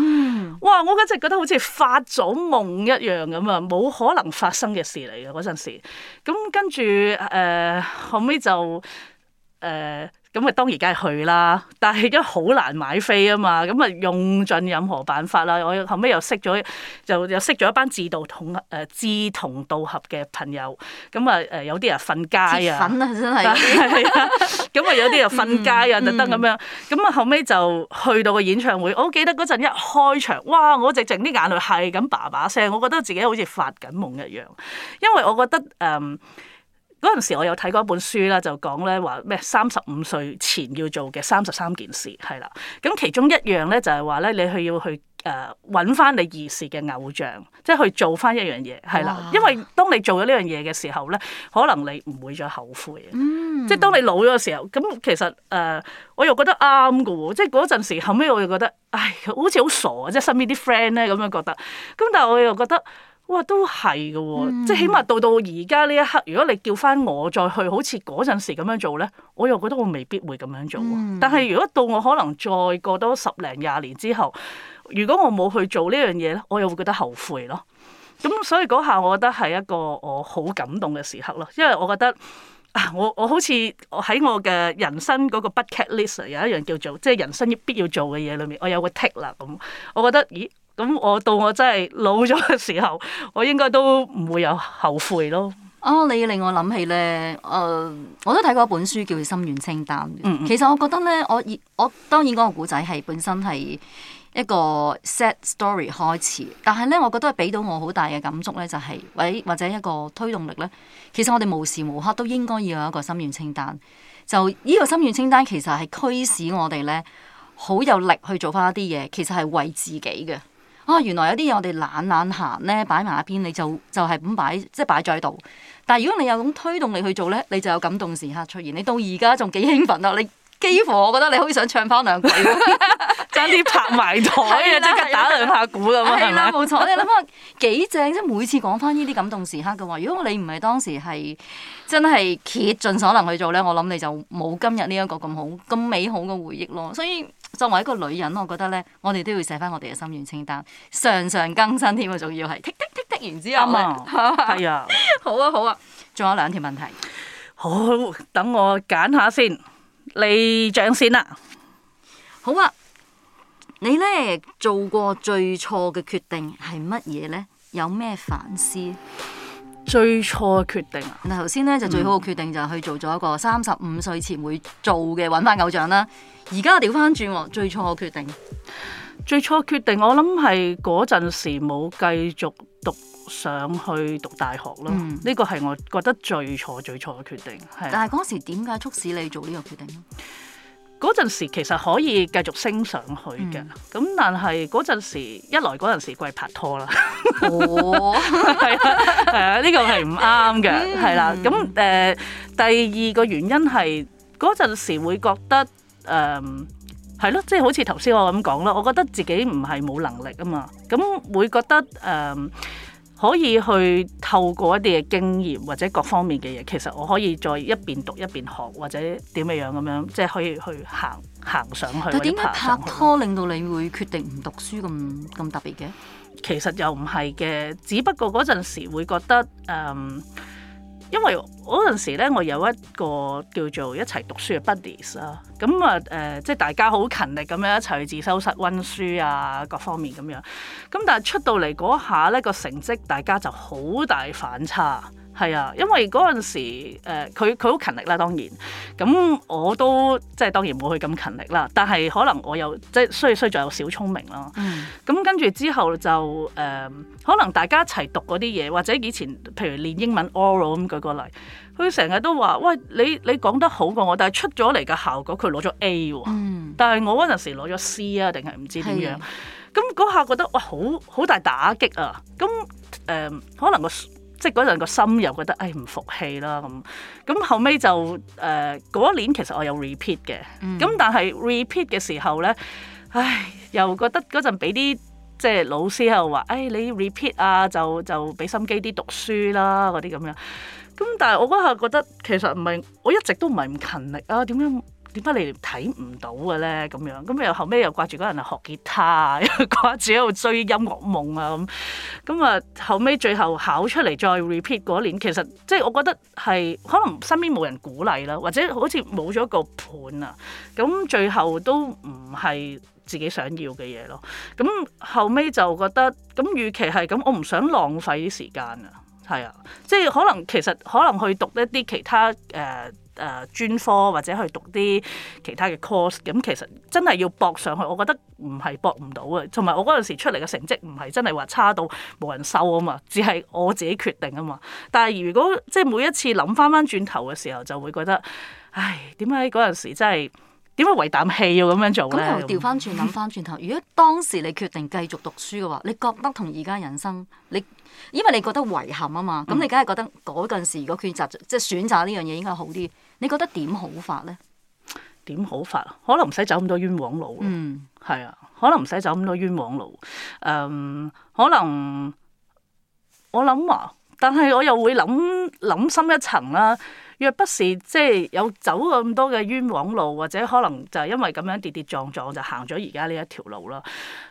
我嗰陣時覺得好似發咗夢一樣咁啊，冇可能發生嘅事嚟嘅嗰陣時，咁跟住誒、呃、後尾就誒。呃咁啊，當然梗係去啦，但係都好難買飛啊嘛，咁啊用盡任何辦法啦。我後尾又識咗，就又識咗一班志道同誒志同道合嘅朋友。咁啊誒，有啲人瞓街啊，摯粉啊真係，係啊。 咁啊有啲人瞓街啊，等等咁樣。咁啊後尾就去到個演唱會，我記得嗰陣一開場，哇！我直情啲眼淚係咁爸叭聲，我覺得自己好似發緊夢一樣，因為我覺得誒。嗯。嗰陣時我有睇過一本書啦，就講咧話咩三十五歲前要做嘅三十三件事係啦，咁其中一樣咧就係話咧你去要去誒揾翻你兒時嘅偶像，即係去做翻一樣嘢係啦，哇因為當你做咗呢樣嘢嘅時候咧，可能你唔會再後悔嘅，嗯、即係當你老咗嘅時候，咁其實誒、呃、我又覺得啱㗎喎，即係嗰陣時後尾我，我又覺得，唉好似好傻啊，即係身邊啲 friend 咧咁樣覺得，咁但係我又覺得。我都係嘅喎，嗯、即係起碼到到而家呢一刻，如果你叫翻我再去好似嗰陣時咁樣做咧，我又覺得我未必會咁樣做、啊。嗯、但係如果到我可能再過多十零廿年之後，如果我冇去做呢樣嘢咧，我又會覺得後悔咯。咁所以嗰下我覺得係一個我好、哦、感動嘅時刻咯，因為我覺得啊，我我好似喺我嘅人生嗰個 bucket list 有一樣叫做即係人生必必要做嘅嘢裡面，我有個 tick 啦咁，我覺得咦～咁我到我真係老咗嘅時候，我應該都唔會有後悔咯。啊、哦，你令我諗起咧，誒、呃，我都睇過一本書叫做《心願清單》。嗯嗯。其實我覺得咧，我我當然嗰個古仔係本身係一個 sad story 開始，但係咧，我覺得俾到我好大嘅感觸咧、就是，就係或或者一個推動力咧。其實我哋無時無刻都應該要有一個心願清單。就呢個心願清單，其實係驅使我哋咧好有力去做翻一啲嘢，其實係為自己嘅。哦、原來有啲嘢我哋懶懶閒咧，擺埋一邊，你就就係咁擺，即係擺咗喺度。但係如果你有咁推動你去做咧，你就有感動時刻出現。你到而家仲幾興奮啊！你幾乎我覺得你好似想唱翻兩句，爭啲 拍埋台 啊，即、啊、刻打兩下鼓咁啊，係冇、啊吧啊、錯，你諗下幾正？即係每次講翻呢啲感動時刻嘅話，如果你唔係當時係真係竭盡所能去做咧，我諗你就冇今日呢一個咁好、咁美好嘅回憶咯。所以。作為一個女人，我覺得咧，我哋都要寫翻我哋嘅心願清單，常常更新添啊！仲要係，tick tick tick tick 完之後咧，係啊，好啊好啊，仲有兩條問題。好，等我揀下先。你獎先啦。好啊。你咧，做過最錯嘅決定係乜嘢咧？有咩反思？最錯嘅決定啊，頭先咧就最好嘅決定就係去做咗一個三十五歲前會做嘅揾翻偶像啦。而家調翻轉喎，最錯嘅決定，最錯嘅決定我諗係嗰陣時冇繼續讀上去讀大學咯。呢個係我覺得最錯最錯嘅決定。係，但係嗰時點解促使你做呢個決定？嗰陣時其實可以繼續升上去嘅，咁、嗯、但係嗰陣時一來嗰陣時貴拍拖啦， 哦，係啊係啊，呢個係唔啱嘅，係啦，咁誒、啊呃、第二個原因係嗰陣時會覺得誒係咯，即、呃、係、啊就是、好似頭先我咁講啦，我覺得自己唔係冇能力啊嘛，咁會覺得誒。呃可以去透過一啲嘅經驗或者各方面嘅嘢，其實我可以再一邊讀一邊學或者點嘅樣咁樣，即係可以去行行上去，上去。但點解拍拖令到你會決定唔讀書咁咁特別嘅？其實又唔係嘅，只不過嗰陣時會覺得誒。嗯因為嗰陣時咧，我有一個叫做一齊讀書嘅 buddies 啦，咁啊誒，即係大家好勤力咁樣一齊去自修室温書啊，各方面咁樣。咁但係出到嚟嗰下咧，個成績大家就好大反差。係啊，因為嗰陣時，佢佢好勤力啦，當然咁我都即係當然冇佢咁勤力啦，但係可能我又即係衰衰再有小聰明咯。咁、嗯、跟住之後就誒、呃，可能大家一齊讀嗰啲嘢，或者以前譬如練英文 oral 咁舉個例。佢成日都話，喂，你你講得好過我，但係出咗嚟嘅效果 A，嗯，佢攞咗 A 但係我嗰陣時攞咗 C 啊，定係唔知點樣？咁嗰下覺得哇，好好，好大打擊啊！咁、嗯、誒、嗯，可能個。即係嗰陣個心又覺得誒唔服氣啦咁，咁後尾就誒嗰一、呃、年其實我有 repeat 嘅，咁、嗯、但係 repeat 嘅時候咧，唉又覺得嗰陣俾啲即係老師喺度話，誒你 repeat 啊就就俾心機啲讀書啦嗰啲咁樣，咁但係我嗰下覺得其實唔係，我一直都唔係唔勤力啊點樣？點解你睇唔到嘅咧？咁樣咁又後尾又掛住嗰人學吉他，又掛住喺度追音樂夢啊咁咁啊！後尾最後考出嚟再 repeat 嗰年，其實即係、就是、我覺得係可能身邊冇人鼓勵啦，或者好似冇咗個伴啊，咁最後都唔係自己想要嘅嘢咯。咁後尾就覺得咁與其係咁，我唔想浪費啲時間啊。係啊，即係可能其實可能去讀一啲其他誒。呃誒、啊、專科或者去讀啲其他嘅 course，咁、嗯、其實真係要搏上去，我覺得唔係搏唔到嘅。同埋我嗰陣時出嚟嘅成績唔係真係話差到冇人收啊嘛，只係我自己決定啊嘛。但係如果即係每一次諗翻翻轉頭嘅時候，就會覺得，唉，點解嗰陣時真係點解為啖氣要咁樣做咧？咁我調翻轉諗翻轉頭， 如果當時你決定繼續讀書嘅話，你覺得同而家人生你？因為你覺得遺憾啊嘛，咁、嗯、你梗係覺得嗰陣時如果抉擇即係選擇呢樣嘢應該好啲，你覺得點好法咧？點好法、嗯、啊？可能唔使走咁多冤枉路。嗯，係啊，可能唔使走咁多冤枉路。誒、嗯，可能我諗話、啊，但係我又會諗諗深一層啦、啊。若不是，即係有走咁多嘅冤枉路，或者可能就係因為咁樣跌跌撞撞就行咗而家呢一條路啦。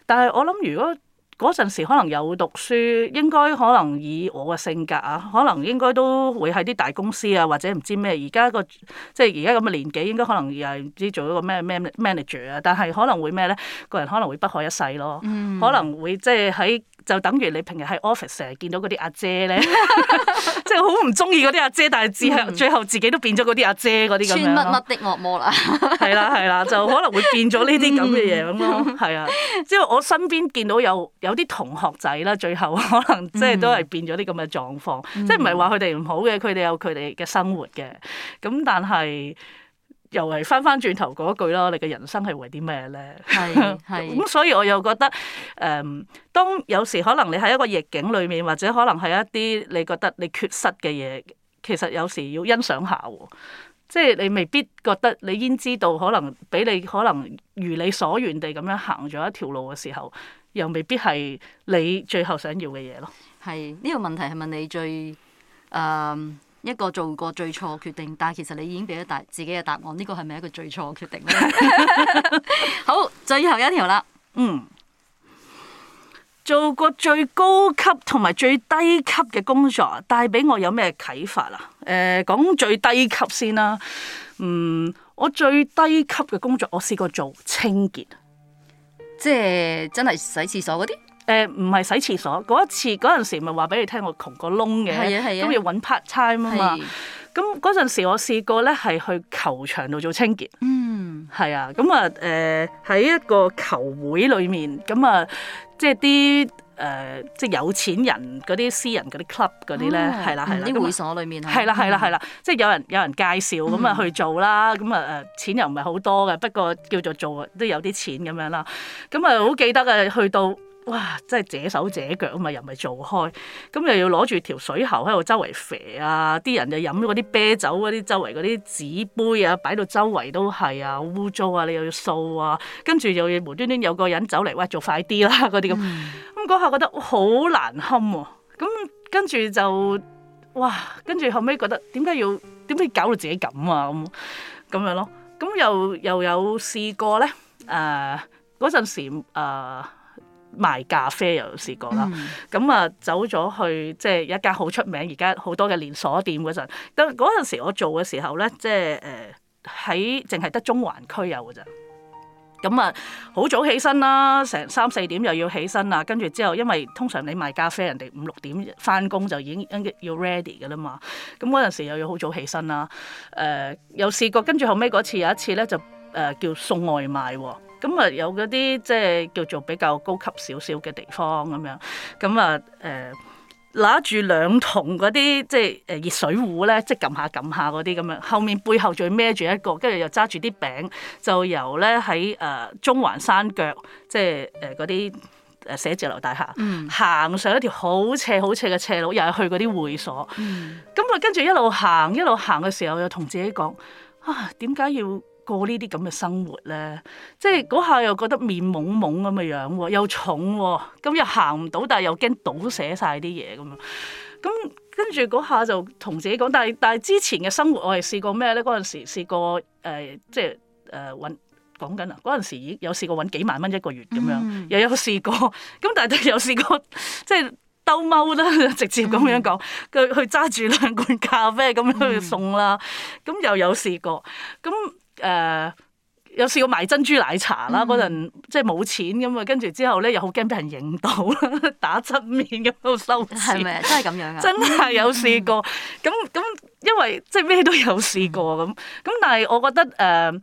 但係我諗如果，嗰陣時可能有讀書，應該可能以我嘅性格啊，可能應該都會喺啲大公司啊，或者唔知咩。而家個即係而家咁嘅年紀，應該可能又唔知做咗個咩咩咩 manager 啊，但係可能會咩咧？個人可能會不可一世咯，嗯、可能會即係喺。就等於你平日喺 office 成日見到嗰啲阿姐咧，即係好唔中意嗰啲阿姐，但係之後最後自己都變咗嗰啲阿姐嗰啲咁樣乜乜的惡魔啦，係啦係啦，嗯嗯、 就可能會變咗呢啲咁嘅嘢咁咯。係啊，即係我身邊見到有有啲同學仔啦，最後可能即係都係變咗啲咁嘅狀況，即係唔係話佢哋唔好嘅，佢哋有佢哋嘅生活嘅，咁但係。又係翻翻轉頭嗰句囉，你嘅人生係為啲咩咧？係係咁，所以我又覺得，誒、嗯，當有時可能你喺一個逆境裏面，或者可能係一啲你覺得你缺失嘅嘢，其實有時要欣賞下喎。即係你未必覺得你已經知道，可能俾你可能如你所願地咁樣行咗一條路嘅時候，又未必係你最後想要嘅嘢咯。係呢、呢個問題係問你最誒。呃一個做過最錯決定，但係其實你已經俾咗答自己嘅答案，呢個係咪一個最錯決定咧？ 好，最後一條啦，嗯，做過最高級同埋最低級嘅工作，帶俾我有咩啟發啊？誒、呃，講最低級先啦，嗯，我最低級嘅工作，我試過做清潔，即係真係洗廁所嗰啲。誒唔係洗廁所嗰一次，嗰陣時咪話俾你聽我窮個窿嘅，咁、係啊、係啊、要揾 part time 啊嘛。咁嗰陣時我試過咧係去球場度做清潔，嗯，係啊。咁啊誒喺一個球會裏面，咁、嗯、啊即係啲誒即係有錢人嗰啲私人嗰啲 club 嗰啲咧，係啦係啦，呢個、啊、會所裏面係啦係啦係啦，即係有人有人介紹咁啊去做啦，咁啊誒錢又唔係好多嘅，不過叫做做都有啲錢咁樣啦。咁啊好記得啊，去到。哇！真係借手借腳啊嘛，又唔係做開，咁又要攞住條水喉喺度周圍肥啊！啲人又飲嗰啲啤酒嗰啲，周圍嗰啲紙杯啊，擺到周圍都係啊，污糟啊！你又要掃啊，跟住又要無端端有個人走嚟，哇！做快啲啦，嗰啲咁咁嗰下覺得好難堪喎、啊。咁跟住就哇，跟住後尾覺得點解要點解要搞到自己咁啊？咁咁樣咯，咁又又有試過咧誒嗰陣時賣咖啡又試過啦，咁啊、嗯、走咗去即係一間好出名，而家好多嘅連鎖店嗰陣，但嗰陣時我做嘅時候咧，即係誒喺淨係得中環區有嘅咋。咁啊，好早起身啦，成三四點又要起身啦，跟住之後因為通常你賣咖啡，人哋五六點翻工就已經要 ready 㗎啦嘛。咁嗰陣時又要好早起身啦，誒、呃、又試過，跟住後尾嗰次有一次咧就誒、呃、叫送外賣喎、喔。咁啊、嗯，有嗰啲即係叫做比較高級少少嘅地方咁樣，咁啊誒，拿住兩桶嗰啲即係誒、呃、熱水壺咧，即係撳下撳下嗰啲咁樣，後面背後仲孭住一個，跟住又揸住啲餅，就由咧喺誒中環山腳，即係誒嗰啲誒寫字樓大廈行、嗯、上一條好斜好斜嘅斜路，又去嗰啲會所。咁、嗯嗯、啊，跟住一路行一路行嘅時候，又同自己講啊，點解要過呢啲咁嘅生活咧，即係嗰下又覺得面懵懵咁嘅樣喎，又重喎、啊，咁又行唔到，但係又驚倒寫晒啲嘢咁啊！咁跟住嗰下就同自己講，但係但係之前嘅生活，我係試過咩咧？嗰陣時試過、呃、即係誒揾講緊啊！嗰、呃、陣時有試過揾幾萬蚊一個月咁樣，又有試過，咁但係又試過即係兜踎啦，直接咁樣講，佢去揸住兩罐咖啡咁樣去送啦，咁又有試過，咁。誒、uh, 有試過賣珍珠奶茶啦，嗰陣、嗯、即係冇錢咁啊，跟住之後咧又好驚俾人認到，打側面咁都收錢。係咪真係咁樣啊？真係有試過，咁咁、嗯、因為即係咩都有試過咁，咁、嗯、但係我覺得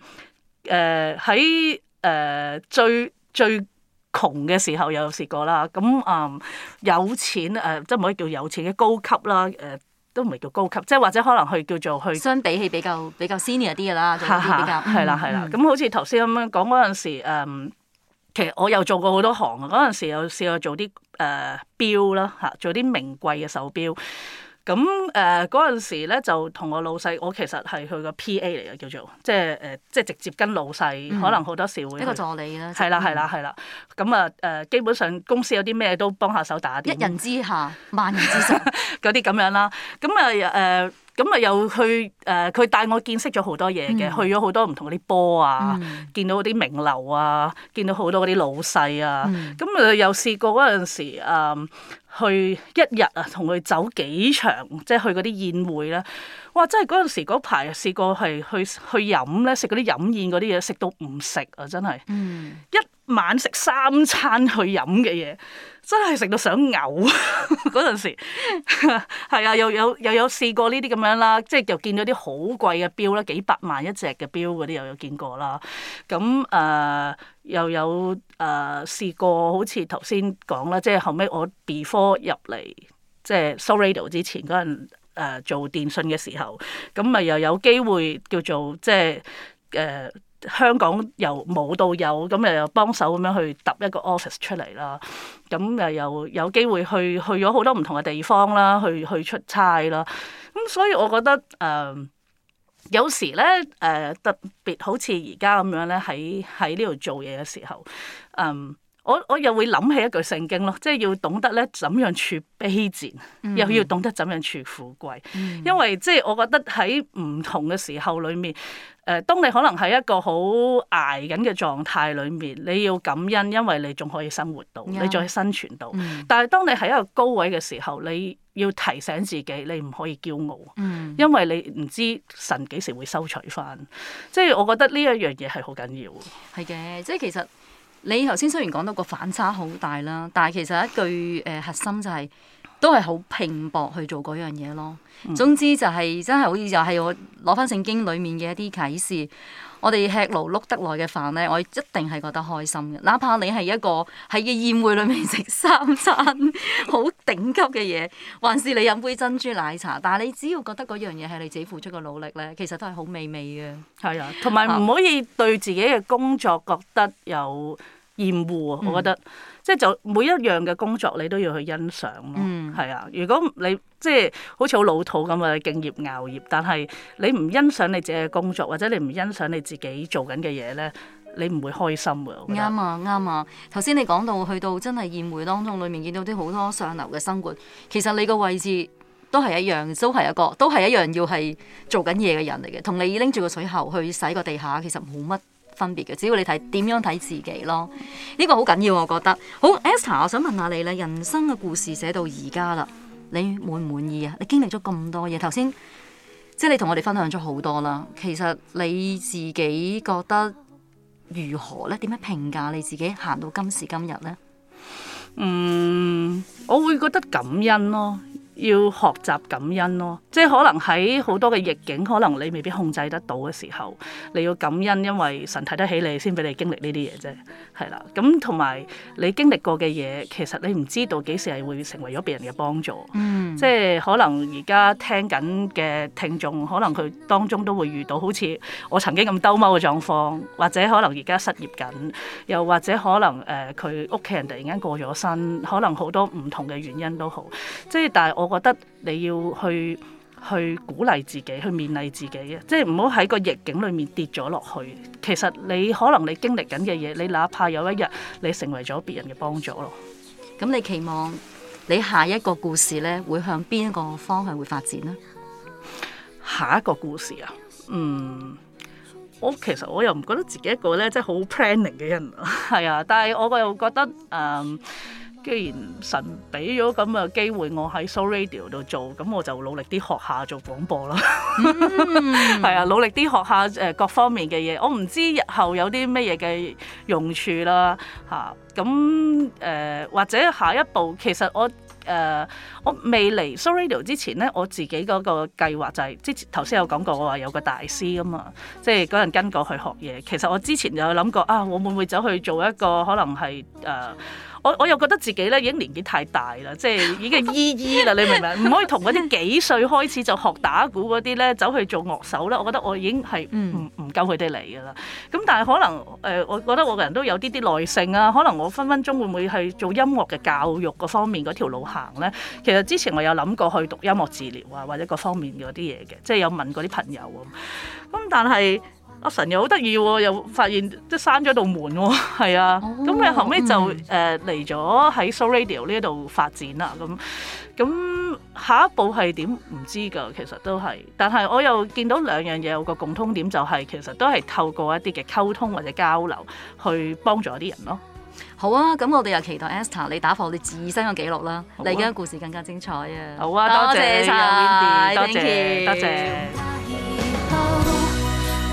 誒誒喺誒最最窮嘅時候又有試過啦，咁嗯、呃、有錢誒、呃、即係唔可以叫有錢嘅高級啦誒。呃都唔係叫高級，即係或者可能去叫做去相比起比較比較 senior 啲嘅啦，就 比較係啦係啦。咁好似頭先咁樣講嗰陣時，誒其實我又做過好多行啊。嗰陣時有試過做啲誒、呃、錶啦，嚇、啊、做啲名貴嘅手錶。咁誒嗰陣時咧，就同我老細，我其實係佢個 P.A. 嚟嘅，叫做，即係誒，即係直接跟老細，可能好多時會一、嗯這個助理啦。係啦係啦係啦。咁啊誒，嗯、基本上公司有啲咩都幫下手打點，一人之下，萬人之上。嗰啲咁樣啦，咁啊誒，咁啊又去誒，佢、呃呃呃、帶我見識咗好多嘢嘅，嗯、去咗好多唔同嗰啲波啊，嗯、見到啲名流啊，見到好多嗰啲老細啊，咁啊、嗯嗯、又試過嗰陣時去一日啊，同佢走幾場，即係去嗰啲宴會啦。哇！真係嗰陣時嗰排試過係去去飲咧，食嗰啲飲宴嗰啲嘢，食到唔食啊！真係一晚食三餐去飲嘅嘢，真係食到想嘔嗰陣時候，係 啊！又有又有試過呢啲咁樣啦，即係又見到啲好貴嘅表啦，幾百萬一隻嘅表嗰啲又有見過啦。咁誒又有誒試過，好似頭先講啦，即係後尾我 before 入嚟即係、就是、Sorado 之前嗰陣。誒做電訊嘅時候，咁咪又有機會叫做即係誒香港由冇到有，咁誒又幫手咁樣去揼一個 office 出嚟啦。咁又又有機會去去咗好多唔同嘅地方啦，去去出差啦。咁所以我覺得誒、呃、有時咧誒、呃、特別好似而家咁樣咧喺喺呢度做嘢嘅時候，嗯、呃。我我又會諗起一句聖經咯，即係要懂得咧怎樣處卑賤，又要懂得怎樣處富貴。因為即係我覺得喺唔同嘅時候裏面，誒，當你可能喺一個好捱緊嘅狀態裏面，你要感恩，因為你仲可以生活到，mm. 你仲可以生存到。但係當你喺一個高位嘅時候，你要提醒自己，你唔可以驕傲，因為你唔知神幾時會收取翻。即係我覺得呢一樣嘢係好緊要。係嘅，即係其實。你頭先雖然講到個反差好大啦，但係其實一句誒、呃、核心就係、是、都係好拼搏去做嗰樣嘢咯。總之就係、是、真係好似又係我攞翻聖經裡面嘅一啲啟示，我哋吃勞碌得來嘅飯咧，我一定係覺得開心嘅。哪怕你係一個喺個宴會裏面食三餐好頂級嘅嘢，還是你飲杯珍珠奶茶，但係你只要覺得嗰樣嘢係你自己付出嘅努力咧，其實都係好美味嘅。係啊，同埋唔可以對自己嘅工作覺得有厭惡啊！我覺得即係就每一樣嘅工作你都要去欣賞咯，係、嗯、啊！如果你即係好似好老土咁嘅敬業熬業，但係你唔欣賞你自己嘅工作，或者你唔欣賞你自己做緊嘅嘢咧，你唔會開心嘅。啱啊，啱啊、嗯！頭、嗯、先、嗯、你講到去到真係宴會當中裡面見到啲好多上流嘅生活，其實你個位置都係一樣，都係一個都係一樣要係做緊嘢嘅人嚟嘅，同你拎住個水喉去洗個地下其實冇乜。分別嘅，只要你睇點樣睇自己咯，呢個好緊要我覺得。好，Esther，我想問下你咧，人生嘅故事寫到而家啦，你滿唔滿意啊？你經歷咗咁多嘢，頭先即係你同我哋分享咗好多啦，其實你自己覺得如何咧？點樣評價你自己行到今時今日咧？嗯，我會覺得感恩咯。要學習感恩咯，即係可能喺好多嘅逆境，可能你未必控制得到嘅時候，你要感恩，因為神睇得起你，先俾你經歷呢啲嘢啫，係啦。咁同埋你經歷過嘅嘢，其實你唔知道幾時係會成為咗別人嘅幫助，嗯，即係可能而家聽緊嘅聽眾，可能佢當中都會遇到好似我曾經咁兜踎嘅狀況，或者可能而家失業緊，又或者可能誒佢屋企人突然間過咗身，可能好多唔同嘅原因都好，即係但係我。我覺得你要去去鼓勵自己，去勉勵自己啊！即係唔好喺個逆境裏面跌咗落去。其實你可能你經歷緊嘅嘢，你哪怕有一日你成為咗別人嘅幫助咯。咁你期望你下一個故事咧會向邊一個方向會發展呢？下一個故事啊，嗯，我其實我又唔覺得自己一個咧即係好 planning 嘅人，係啊，但係我又覺得誒。嗯既然神俾咗咁嘅機會我喺 So Radio 度做，咁我就努力啲學下做廣播啦，係、 mm hmm. 啊，努力啲學下誒各方面嘅嘢。我唔知日後有啲咩嘢嘅用處啦，吓，咁誒或者下一步其實我誒、呃、我未嚟 So Radio 之前咧，我自己嗰個計劃就係、是、之前頭先有講過，我話有個大師啊嘛，即係嗰人跟過去學嘢。其實我之前就有諗過啊，我會唔會走去做一個可能係誒？呃我我又覺得自己咧已經年紀太大啦，即係已經係依依啦， 你明唔明？唔可以同嗰啲幾歲開始就學打鼓嗰啲咧走去做樂手啦。我覺得我已經係唔唔夠佢哋嚟㗎啦。咁、嗯、但係可能誒、呃，我覺得我個人都有啲啲耐性啊。可能我分分鐘會唔會係做音樂嘅教育嗰方面嗰條路行咧？其實之前我有諗過去讀音樂治療啊，或者各方面嗰啲嘢嘅，即係有問過嗰啲朋友咁、啊。咁但係。阿神又好得意喎，又發現即係閂咗一道門喎，係啊，咁你、oh，後尾就誒嚟咗喺 Show Radio 呢一度發展啦，咁咁下一步係點唔知㗎，其實都係。但係我又見到兩樣嘢有個共通點，就係、是、其實都係透過一啲嘅溝通或者交流去幫助一啲人咯。好啊，咁我哋又期待 Esther 你打破我哋自身嘅記錄啦，啊、你而家嘅故事更加精彩啊！好啊，多謝晒，多謝，多謝。